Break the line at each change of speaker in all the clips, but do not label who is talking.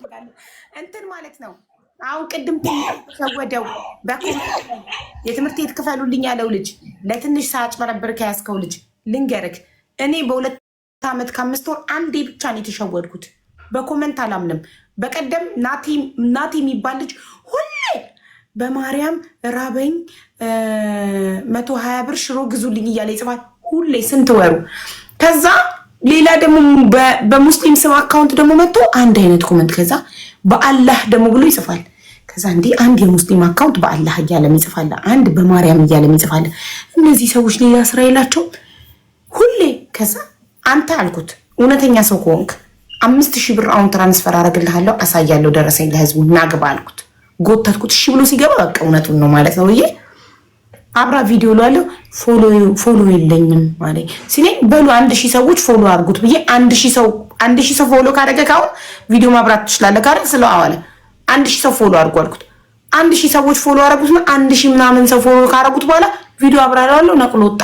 እፈልጋለሁ። እንትን ማለት ነው። አሁን ቅድም ተወደው የትምህርት ቤት ክፈሉልኝ ያለው ልጅ ለትንሽ ሰዓት መረብር ከያዝከው ልጅ ልንገርክ፣ እኔ በሁለት ዓመት ከአምስት ወር አንዴ ብቻ ነው የተሸወድኩት። በኮመንት አላምንም። በቀደም ናቲ የሚባል ልጅ ሁሌ በማርያም ራበኝ መቶ ሀያ ብር ሽሮ ግዙልኝ እያለ ይጽፋል ሁሌ ስንት ወሩ ከዛ ሌላ ደግሞ በሙስሊም ስም አካውንት ደግሞ መጥቶ አንድ አይነት ኮመንት ከዛ በአላህ ደግሞ ብሎ ይጽፋል። ከዛ እንዲህ አንድ የሙስሊም አካውንት በአላህ እያለም ይጽፋል፣ አንድ በማርያም እያለም ይጽፋል። እነዚህ ሰዎች ሌላ ስራ የላቸው ሁሌ። ከዛ አንተ አልኩት እውነተኛ ሰው ከሆንክ አምስት ሺህ ብር አሁን ትራንስፈር አረግልሃለሁ አሳያለሁ፣ ደረሰኝ ለህዝቡ ናግባ አልኩት። ጎተትኩት፣ እሺ ብሎ ሲገባ በቃ እውነቱን ነው ማለት ነው ብዬ አብራ ቪዲዮ ላለው ፎሎ የለኝም ማለት ሲኔ በሉ አንድ ሺህ ሰዎች ፎሎ አድርጉት ብዬ አንድ ሺህ ሰው አንድ ሺህ ሰው ፎሎ ካደረገ ካሁን ቪዲዮ ማብራት ትችላለህ ካለ ስለ አዋለ አንድ ሺህ ሰው ፎሎ አድርጉ አልኩት። አንድ ሺህ ሰዎች ፎሎ አረጉት አደረጉት። አንድ ሺህ ምናምን ሰው ፎሎ ካረጉት በኋላ ቪዲዮ አብራራለሁ ነቅሎ ወጣ።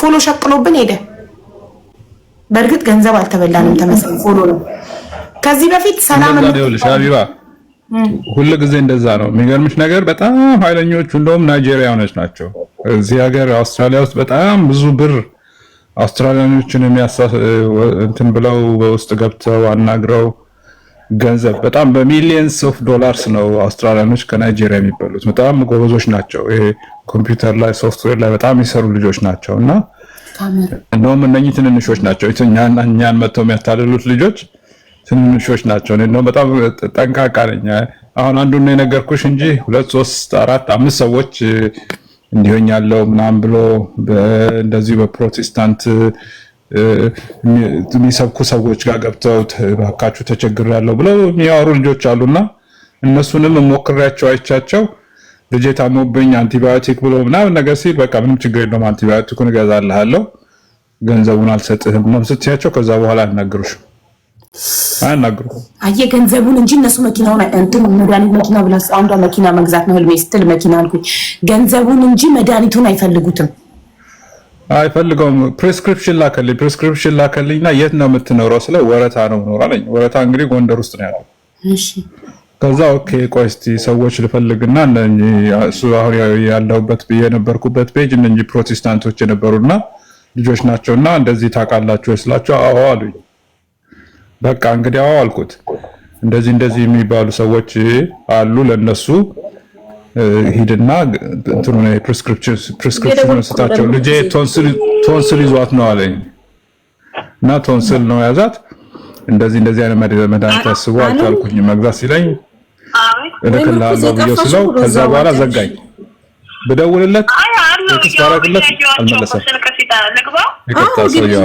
ፎሎ ሸቅሎብን ሄደ። በእርግጥ ገንዘብ አልተበላንም። ተመሰለኝ ፎሎ ነው ከዚህ በፊት ሰላም
ሁል ጊዜ እንደዛ ነው። የሚገርምሽ ነገር በጣም ኃይለኞቹ እንደውም ናይጄሪያኖች ናቸው። እዚህ ሀገር አውስትራሊያ ውስጥ በጣም ብዙ ብር አውስትራሊያኖችን እንትን ብለው በውስጥ ገብተው አናግረው ገንዘብ በጣም በሚሊየንስ ኦፍ ዶላርስ ነው አውስትራሊያኖች ከናይጄሪያ የሚበሉት። በጣም ጎበዞች ናቸው። ይሄ ኮምፒውተር ላይ ሶፍትዌር ላይ በጣም የሚሰሩ ልጆች ናቸው እና እንደውም እነኚህ ትንንሾች ናቸው እኛን መጥተው የሚያታልሉት ልጆች ትንንሾች ናቸው። እኔ በጣም ጠንቃቃ ነኝ። አሁን አንዱ ነው የነገርኩሽ እንጂ ሁለት ሶስት አራት አምስት ሰዎች እንዲሆኝ ያለው ምናምን ብሎ እንደዚሁ በፕሮቴስታንት የሚሰብኩ ሰዎች ጋር ገብተው ባካችሁ ተቸግር ያለው ብለው የሚያወሩ ልጆች አሉና እነሱንም ሞክሬያቸው አይቻቸው ልጄ ታሞብኝ አንቲባዮቲክ ብሎ ምናምን ነገር ሲል በቃ ምንም ችግር የለውም አንቲባዮቲኩን እገዛልሃለሁ ገንዘቡን አልሰጥህም ነው ስትያቸው ከዛ በኋላ አልነግሩሽም አያናግሩ
አየ ገንዘቡን እንጂ እነሱ መኪናውን እንትን መድኃኒት መኪና ብላ አንዷ መኪና መግዛት ነው ህልሜ ስትል መኪና አልኩኝ። ገንዘቡን እንጂ መድኃኒቱን አይፈልጉትም
አይፈልገውም። ፕሪስክሪፕሽን ላከልኝ ፕሪስክሪፕሽን ላከልኝ ላከልኝና የት ነው የምትኖረው ስለ ወረታ ነው ኖር አለኝ። ወረታ እንግዲህ ጎንደር ውስጥ ነው ያለው። ከዛ ኦኬ ቆይ እስኪ ሰዎች ልፈልግና እሱ አሁን ያለሁበት የነበርኩበት ፔጅ እነ ፕሮቴስታንቶች የነበሩና ልጆች ናቸውና እንደዚህ ታውቃላችሁ ስላቸው አዎ አሉኝ። በቃ እንግዲህ አዎ አልኩት። እንደዚህ እንደዚህ የሚባሉ ሰዎች አሉ፣ ለነሱ ሂድና እንትኑ ነው ፕሪስክሪፕሽን ስታቸው። ልጄ ቶንስል ይዟት ነው አለኝ እና ቶንስል ነው ያዛት። እንደዚህ እንደዚህ አይነት መድኃኒት አስቦ አልቻልኩኝ መግዛት ሲለኝ እልክልሃለሁ ብዬ ስለው ከዛ በኋላ ዘጋኝ። ብደውልለት
ክስ ባረግለት አልመለሰም። ይቅርታ ሰውየው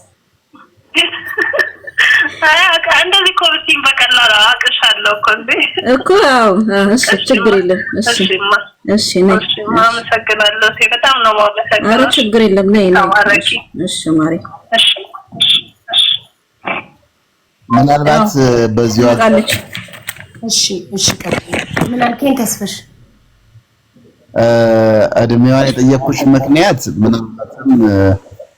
እኮ ብትይኝ በቀላል አቅሻለሁ እኮ እንዴ እኮ ያው እሺ፣ ችግር የለም እሺ፣ እሺ፣ ነይ። አመሰግናለሁ። ሴ በጣም ነው ማመሰግናለሁ። አረ ችግር የለም ነይ፣ ነይ። እሺ ማሪ፣ እሺ፣ እሺ።
ምናልባት በዚህ
ወቅት እሺ፣ እሺ። ምን አልከኝ ተስፍሽ?
እድሜዋን የጠየኩሽ ምክንያት ምናልባትም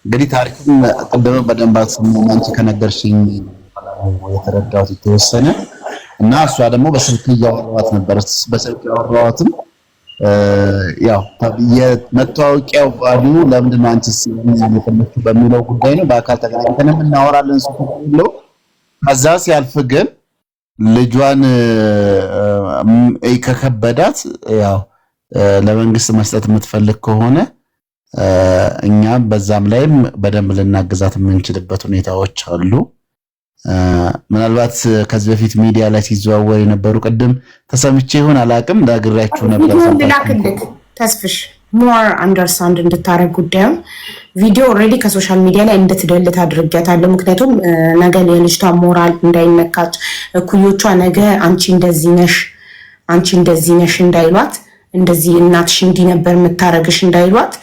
እንግዲህ ታሪኩን ቅድም በደንብ አስሙ አንቺ ከነገርሽኝ የተረዳሁት የተወሰነ እና እሷ ደግሞ በስልክ እያወራኋት ነበር። በስልክ ያወራኋትም ያው የመተዋወቂያው ቫልዩ ለምንድን ነው አንቺስ የፈለግሽው በሚለው ጉዳይ ነው። በአካል ተገናኝተን እናወራለን። እሱ ከዛ ሲያልፍ ግን ልጇን ከከበዳት ያው ለመንግስት መስጠት የምትፈልግ ከሆነ እኛም በዛም ላይም በደንብ ልናግዛት የምንችልበት ሁኔታዎች አሉ። ምናልባት ከዚህ በፊት ሚዲያ ላይ ሲዘዋወር የነበሩ ቅድም ተሰምቼ ይሆን አላቅም ዳግራችሁ
ነበር። ላክልክ ተስፍሽ ሞር አንደርስታንድ እንድታደረግ ጉዳዩ ቪዲዮ ኦልሬዲ ከሶሻል ሚዲያ ላይ እንድትደልት አድርጊያታለሁ። ምክንያቱም ነገ የልጅቷ ሞራል እንዳይነካች እኩዮቿ ነገ አንቺ እንደዚህ ነሽ፣ አንቺ እንደዚህ ነሽ እንዳይሏት፣ እንደዚህ እናትሽ እንዲህ ነበር የምታረግሽ እንዳይሏት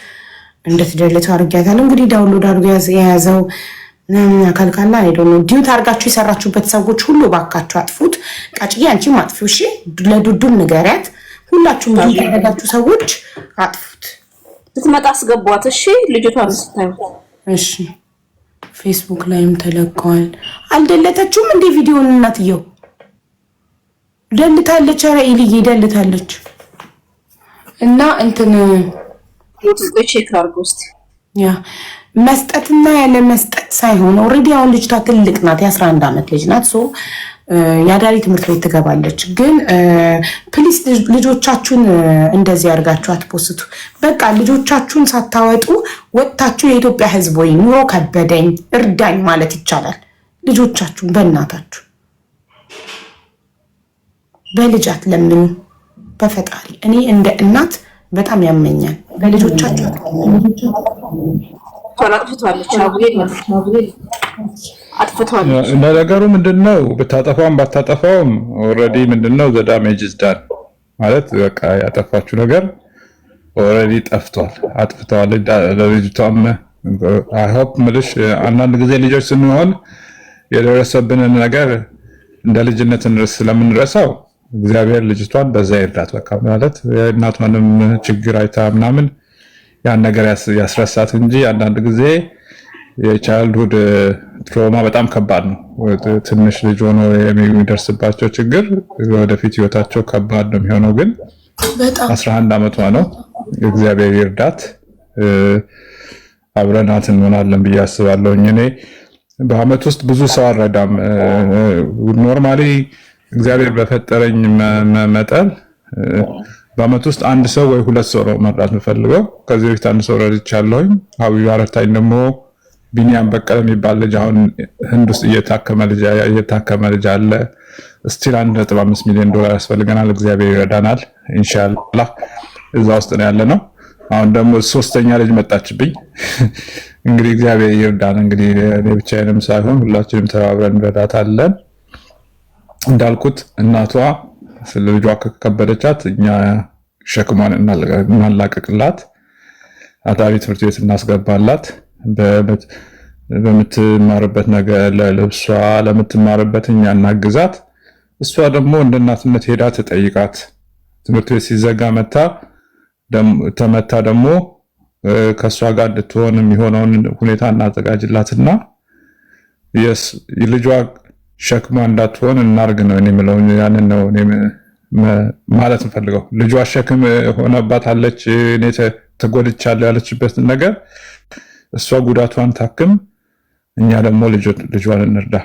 እንድትደልት አድርጊያታለሁ። እንግዲህ ዳውንሎድ አድርጎ የያዘው ካልካላ ሄዶ ነው ዲዩት አርጋችሁ የሰራችሁበት ሰዎች ሁሉ ባካችሁ አጥፉት። ቃጭዬ አንቺም አጥፊው። እሺ ለዱዱም ንገሪያት። ሁላችሁም ያደረጋችሁ ሰዎች አጥፉት። ትመጣ አስገቧት። እሺ ልጅቷ ስታዩ እሺ። ፌስቡክ ላይም ተለቀዋል። አልደለተችውም እንዴ ቪዲዮን? እናትየው ደልታለች። ኧረ ኢልዬ ደልታለች። እና እንትን ቼክ አድርጎ ያ መስጠትና ያለ መስጠት ሳይሆን ኦልሬዲ አሁን ልጅቷ ትልቅ ናት። የአስራ አንድ ዓመት ልጅ ናት። የአዳሪ ትምህርት ቤት ትገባለች። ግን ፕሊስ ልጆቻችሁን እንደዚህ አድርጋችሁ አትፖስቱ። በቃ ልጆቻችሁን ሳታወጡ ወጥታችሁ የኢትዮጵያ ሕዝብ ወይ ኑሮ ከበደኝ እርዳኝ ማለት ይቻላል። ልጆቻችሁን በእናታችሁ በልጃት አትለምኑ። በፈጣሪ እኔ እንደ እናት በጣም ያመኛል። በልጆቻችሁ አጥፍቷል አጥፍቷለች አጥፍቷለች።
ለነገሩ ምንድን ነው ብታጠፋም ባታጠፋውም ኦልሬዲ ምንድን ነው ዘዳሜጅ ዝዳን ማለት በቃ ያጠፋችው ነገር ኦልሬዲ ጠፍቷል አጥፍተዋለች። ለልጅቷም አይሆፕ ምልሽ አንዳንድ ጊዜ ልጆች ስንሆን የደረሰብንን ነገር እንደ ልጅነት ስለምንረሳው እግዚአብሔር ልጅቷን በዛ ይርዳት። በቃ ማለት እናቷንም ችግር አይታ ምናምን ያን ነገር ያስረሳት እንጂ አንዳንድ ጊዜ የቻይልድሁድ ትሮማ በጣም ከባድ ነው። ትንሽ ልጅ ሆኖ የሚደርስባቸው ችግር ወደፊት ህይወታቸው ከባድ ነው የሚሆነው። ግን አስራ አንድ ዓመቷ ነው። እግዚአብሔር ይርዳት። አብረናት እንሆናለን ብዬ አስባለሁ እኔ በአመት ውስጥ ብዙ ሰው አልረዳም። ኖርማሊ እግዚአብሔር በፈጠረኝ መጠን በአመት ውስጥ አንድ ሰው ወይ ሁለት ሰው ነው መርዳት የምፈልገው። ከዚህ በፊት አንድ ሰው ረድቻለሁኝ። ሀቢባ አረታኝ ደግሞ ቢኒያም በቀለ የሚባል ልጅ አሁን ህንድ ውስጥ እየታከመ ልጅ አለ። ስቲል አንድ ነጥብ አምስት ሚሊዮን ዶላር ያስፈልገናል። እግዚአብሔር ይረዳናል ኢንሻላህ። እዛ ውስጥ ነው ያለ ነው። አሁን ደግሞ ሶስተኛ ልጅ መጣችብኝ። እንግዲህ እግዚአብሔር ይርዳን። እንግዲህ እኔ ብቻዬንም ሳይሆን ሁላችንም ተባብረን እንረዳታለን። እንዳልኩት እናቷ ስለ ልጇ ከከበደቻት እኛ ሸክሟን እናላቀቅላት፣ አጣሪ ትምህርት ቤት እናስገባላት። በምትማርበት ነገር ለልብሷ ለምትማርበት እኛ እናግዛት። እሷ ደግሞ እንደ እናትነት ሄዳ ትጠይቃት። ትምህርት ቤት ሲዘጋ መታ ተመታ ደግሞ ከእሷ ጋር እንድትሆን የሚሆነውን ሁኔታ እናዘጋጅላትና ልጇ ሸክሟ እንዳትሆን እናርግ ነው የምለው። ያንን ነው ማለት እንፈልገው። ልጇ ሸክም ሆነባታለች፣ እኔ ተጎድቻለሁ ያለችበትን ነገር እሷ ጉዳቷን ታክም፣ እኛ ደግሞ ልጇን እንርዳ።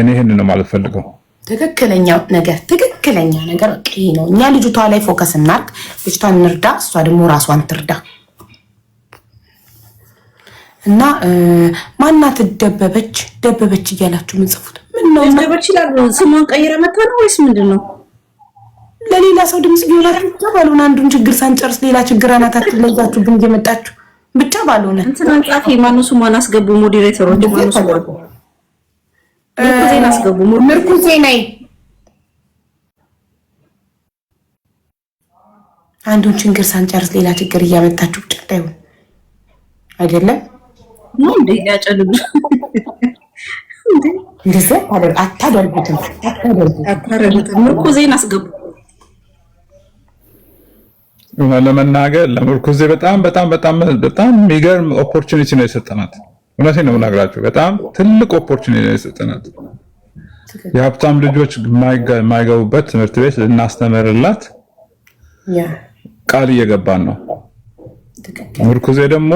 እኔ ይህን ነው ማለት ፈልገው።
ትክክለኛ ነገር ትክክለኛ ነገር ይሄ ነው። እኛ ልጅቷ ላይ ፎከስ እናርግ፣ ልጅቷን እንርዳ፣ እሷ ደግሞ ራሷን ትርዳ። እና ማናት ደበበች ደበበች እያላችሁ ምንጽፉት ምን ነው? ደበበች ይላሉ። ስሟን ቀይረ መታ ነው ወይስ ምንድን ነው? ለሌላ ሰው ድምፅ ቢሆናት ብቻ ባልሆነ አንዱን ችግር ሳንጨርስ ሌላ ችግር አናታችሁ ለዛችሁ ግን እየመጣችሁ ብቻ ባልሆነ እንትናን ጻፊ ማኑ ስሟን አስገቡ። ሞዴሬተሮች ማኑ ስሟን ምርኩዜን አስገቡ። ምርኩዜ ነይ አንዱን ችግር ሳንጨርስ ሌላ ችግር እያመጣችሁ ብቻ ይሆን አይደለም ነው እንዴ? ያጨልም
ለመናገር ለምርኩዜ በጣም በጣም በጣም በጣም የሚገርም ኦፖርቹኒቲ ነው የሰጠናት። እውነቴ ነው የምናግራቸው በጣም ትልቅ ኦፖርቹኒቲ ነው የሰጠናት። የሀብታም ልጆች የማይገቡበት ትምህርት ቤት ልናስተምርላት ቃል እየገባን ነው። ምርኩዜ ደግሞ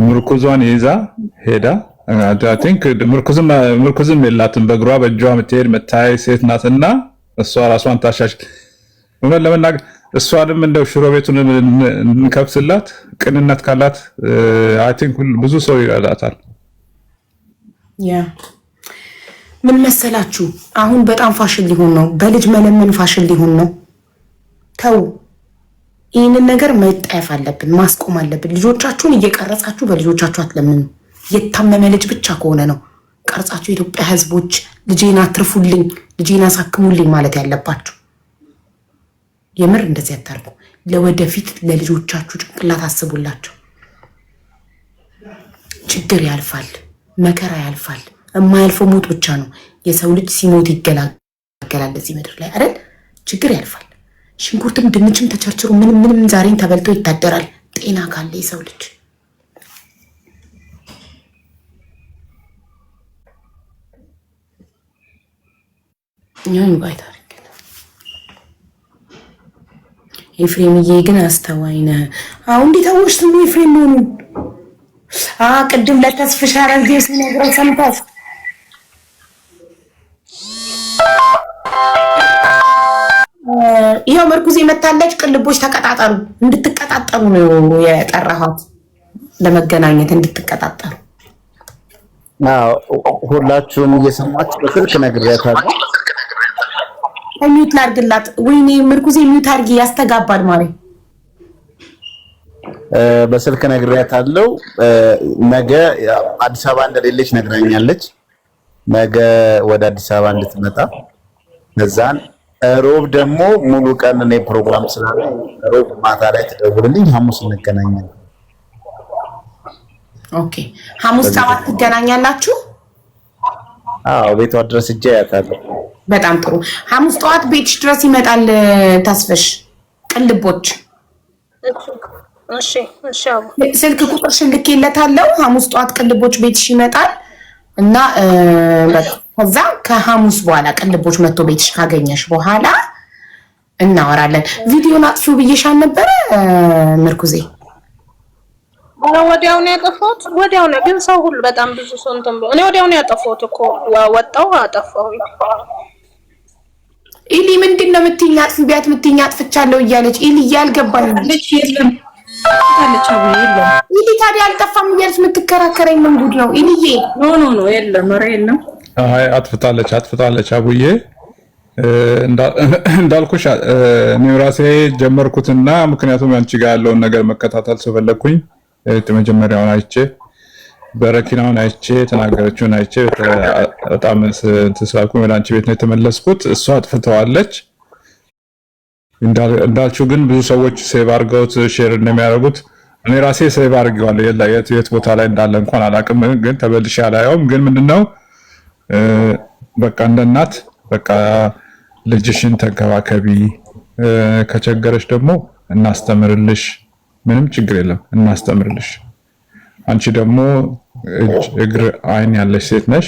ምርኩዟን ይዛ ሄዳ ምርኩዝም የላትም በእግሯ በእጇ የምትሄድ የምታይ ሴት ናትና እሷ ራሷን ታሻሽ እውነት ለመናገር እሷንም እንደው ሽሮ ቤቱን እንከብስላት። ቅንነት ካላት አይ ቲንክ ብዙ ሰው ይረዳታል።
ምን መሰላችሁ፣ አሁን በጣም ፋሽን ሊሆን ነው፣ በልጅ መለመን ፋሽን ሊሆን ነው። ተው ይህንን ነገር መጠየፍ አለብን፣ ማስቆም አለብን። ልጆቻችሁን እየቀረጻችሁ በልጆቻችሁ አትለምኑ። የታመመ ልጅ ብቻ ከሆነ ነው ቀርጻችሁ የኢትዮጵያ ሕዝቦች ልጄን አትርፉልኝ፣ ልጄን አሳክሙልኝ ማለት ያለባችሁ። የምር እንደዚህ አታርጉ። ለወደፊት ለልጆቻችሁ ጭንቅላት አስቡላቸው። ችግር ያልፋል፣ መከራ ያልፋል። የማያልፈው ሞት ብቻ ነው። የሰው ልጅ ሲሞት ይገላገላል እዚህ ምድር ላይ አይደል? ችግር ያልፋል። ሽንኩርትም ድንችም ተቸርችሮ ምንም ምንም ዛሬን ተበልቶ ይታደራል። ጤና ካለ የሰው ልጅ ባይታ ኤፍሬምዬ ግን አስተዋይ ነህ። አሁ እንዴት አወሽ ስሙ ኤፍሬም መሆኑን ቅድም ለተስፍሻ ረዜ ሲነግረው ሰምታስ መርኩዜ መታለች። ቅልቦች ተቀጣጠሩ። እንድትቀጣጠሩ ነው የጠራኋት፣ ለመገናኘት እንድትቀጣጠሩ።
ሁላችሁም እየሰማችሁ በስልክ ነግሬያታለሁ።
ሚዩት ላድርግላት። ወይኔ ምርኩዜ ሚዩት አርጊ፣ ያስተጋባል ማለት
በስልክ ነግሬያታለሁ። ነገ አዲስ አበባ እንደሌለች ነግራኛለች። ነገ ወደ አዲስ አበባ እንድትመጣ ከዛን ሮብ ደግሞ ሙሉ ቀን እኔ ፕሮግራም ስላለ ሮብ ማታ ላይ ትደውልልኝ፣ ሐሙስ እንገናኛለን።
ኦኬ ሐሙስ ሰባት ትገናኛላችሁ?
አዎ ቤቷ ድረስ እጄ አያታለሁ።
በጣም ጥሩ። ሐሙስ ጠዋት ቤትሽ ድረስ ይመጣል ታስፈሽ ቅልቦች። እሺ እሺ። ስልክ ቁጥርሽን ልኬለታለሁ። ሐሙስ ጠዋት ቅልቦች ቤትሽ ይመጣል እና ከዛ ከሐሙስ በኋላ ቅልቦች መጥቶ ቤትሽ ካገኘሽ በኋላ እናወራለን። ቪዲዮን አጥፉ ብዬሽ አልነበረ ምርኩዜ? ወዲያውን ነው ያጠፋሁት። ወዲያው ግን ሰው ሁሉ በጣም ብዙ ሰው እንትን ብሎ እኔ ወዲያውን ነው ያጠፋሁት እኮ ወጣው አጠፋሁ። ኢሊ ምንድን ነው የምትይኝ? አጥፊ ቢያት የምትይኝ አጥፍቻለሁ እያለች ኢሊ እያልገባኝ ልጅ የለም ኢሊ ታዲያ አልጠፋም እያለች የምትከራከረኝ ምን ጉድ ነው ኢሊዬ? ኖ ኖ ኖ የለም ኧረ የለም
አይ አጥፍታለች፣ አጥፍታለች አቡዬ እንዳልኩሽ እኔ ራሴ ጀመርኩትና ምክንያቱም አንቺ ጋር ያለውን ነገር መከታተል ስለፈለኩኝ መጀመሪያውን አይቼ በረኪናውን አይቼ የተናገረችውን አይቼ በጣም ስላልኩኝ ወደ አንቺ ቤት ነው የተመለስኩት። እሷ አጥፍተዋለች። እንዳልችው ግን ብዙ ሰዎች ሴቭ አድርገውት ሼር እንደሚያደርጉት እኔ ራሴ ሴቭ አድርጌዋለሁ። የት ቦታ ላይ እንዳለ እንኳን አላውቅም፣ ግን ተበልሼ አላየውም። ግን ምንድነው በቃ እንደ እናት በቃ ልጅሽን ተንከባከቢ፣ ከቸገረች ደግሞ እናስተምርልሽ፣ ምንም ችግር የለም እናስተምርልሽ። አንቺ ደግሞ እግር አይን ያለሽ ሴት ነሽ፣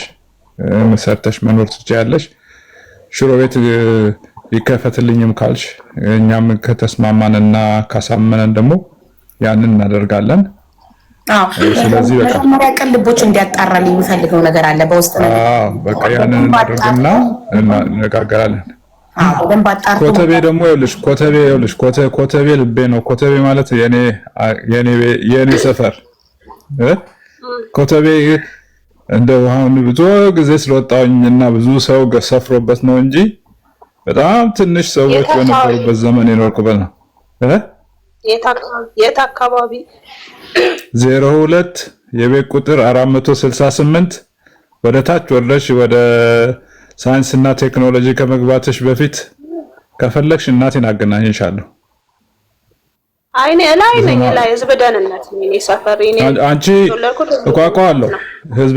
መሰርተሽ መኖር ትችያለሽ። ሽሮ ቤት ይከፈትልኝም ካልሽ እኛም ከተስማማንና ካሳመነን ደግሞ ያንን እናደርጋለን።
ስለዚህ መጀመሪያ ቀን ልቦች እንዲያጣራል የሚፈልገው ነገር አለ። በውስጥ
በቃ ያንን እናድርግና እንነጋገራለን። ኮተቤ ደግሞ ይኸውልሽ፣ ኮተቤ ይኸውልሽ፣ ኮተቤ ልቤ ነው። ኮተቤ ማለት የኔ ሰፈር ኮተቤ እንደ አሁን ብዙ ጊዜ ስለወጣሁኝ እና ብዙ ሰው ሰፍሮበት ነው እንጂ በጣም ትንሽ ሰዎች በነበሩበት ዘመን የኖርኩበት ነው።
የት አካባቢ?
ዜሮ ሁለት የቤት ቁጥር 468 ወደ ታች ወርደሽ ወደ ሳይንስ እና ቴክኖሎጂ ከመግባትሽ በፊት ከፈለግሽ እናቴን አገናኝሻለሁ።
አይኔ ላይ ነኝ ላይ ህዝብ ደህንነት
አንቺ እቋቋዋለሁ። ህዝብ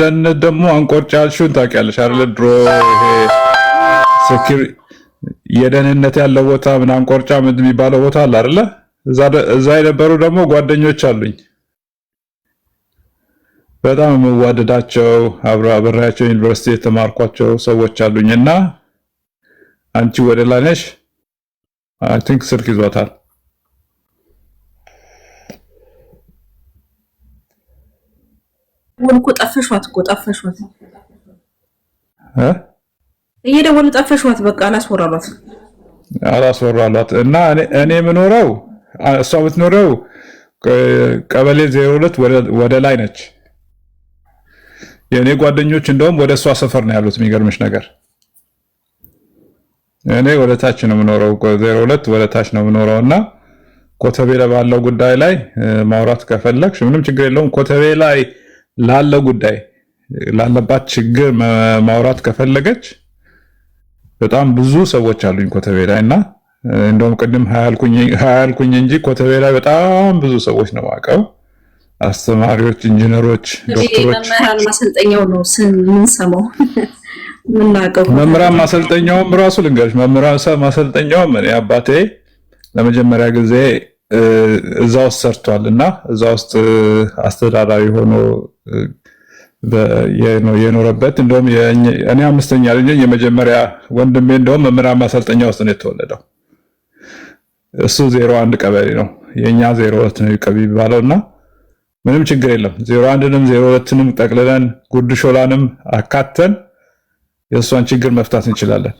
ደህንነት ደግሞ አንቆርጫልሽውን ታውቂያለሽ አይደል? ድሮ ይሄ የደህንነት ያለው ቦታ ምናምን ቆርጫ ምንድን የሚባለው ቦታ አለ አይደለ? እዛ የነበሩ ደግሞ ጓደኞች አሉኝ በጣም የምዋደዳቸው አብሬያቸው ዩኒቨርሲቲ የተማርኳቸው ሰዎች አሉኝ። እና አንቺ ወደ ላይ ነሽ። አይ ቲንክ ስልክ ይዟታል።
ወልኩ ጠፈሿት እኮ እ እየደወሉ ጠፈሽዋት። በቃ አላስወራሏት
አላስወራሏት። እና እኔ የምኖረው እሷ የምትኖረው ቀበሌ ዜሮ ሁለት ወደ ላይ ነች። የእኔ ጓደኞች እንደውም ወደ እሷ ሰፈር ነው ያሉት። የሚገርምሽ ነገር እኔ ወደ ታች ነው የምኖረው፣ ዜሮ ሁለት ወደ ታች ነው የምኖረው እና ኮተቤ ባለው ጉዳይ ላይ ማውራት ከፈለግሽ ምንም ችግር የለውም። ኮተቤ ላይ ላለ ጉዳይ ላለባት ችግር ማውራት ከፈለገች በጣም ብዙ ሰዎች አሉኝ ኮተቤ ላይ እና እንደውም ቅድም ሀያልኩኝ እንጂ ኮተቤ ላይ በጣም ብዙ ሰዎች ነው የማውቀው። አስተማሪዎች፣ ኢንጂነሮች፣ ዶክተሮች፣ መምህራን መምህራን ማሰልጠኛውም ራሱ ልንገርሽ፣ መምህራን ማሰልጠኛውም እኔ አባቴ ለመጀመሪያ ጊዜ እዛ ውስጥ ሰርቷል እና እዛ ውስጥ አስተዳዳሪ ሆኖ የኖረበት እንደውም እኔ አምስተኛ ልጅ የመጀመሪያ ወንድሜ እንደውም መምህራን ማሰልጠኛ ውስጥ ነው የተወለደው። እሱ ዜሮ አንድ ቀበሌ ነው የእኛ ዜሮ ሁለት ነው የሚባለው እና ምንም ችግር የለም ዜሮ አንድንም ዜሮ ሁለትንም ጠቅልለን ጉድሾላንም ሾላንም አካተን የእሷን ችግር መፍታት እንችላለን።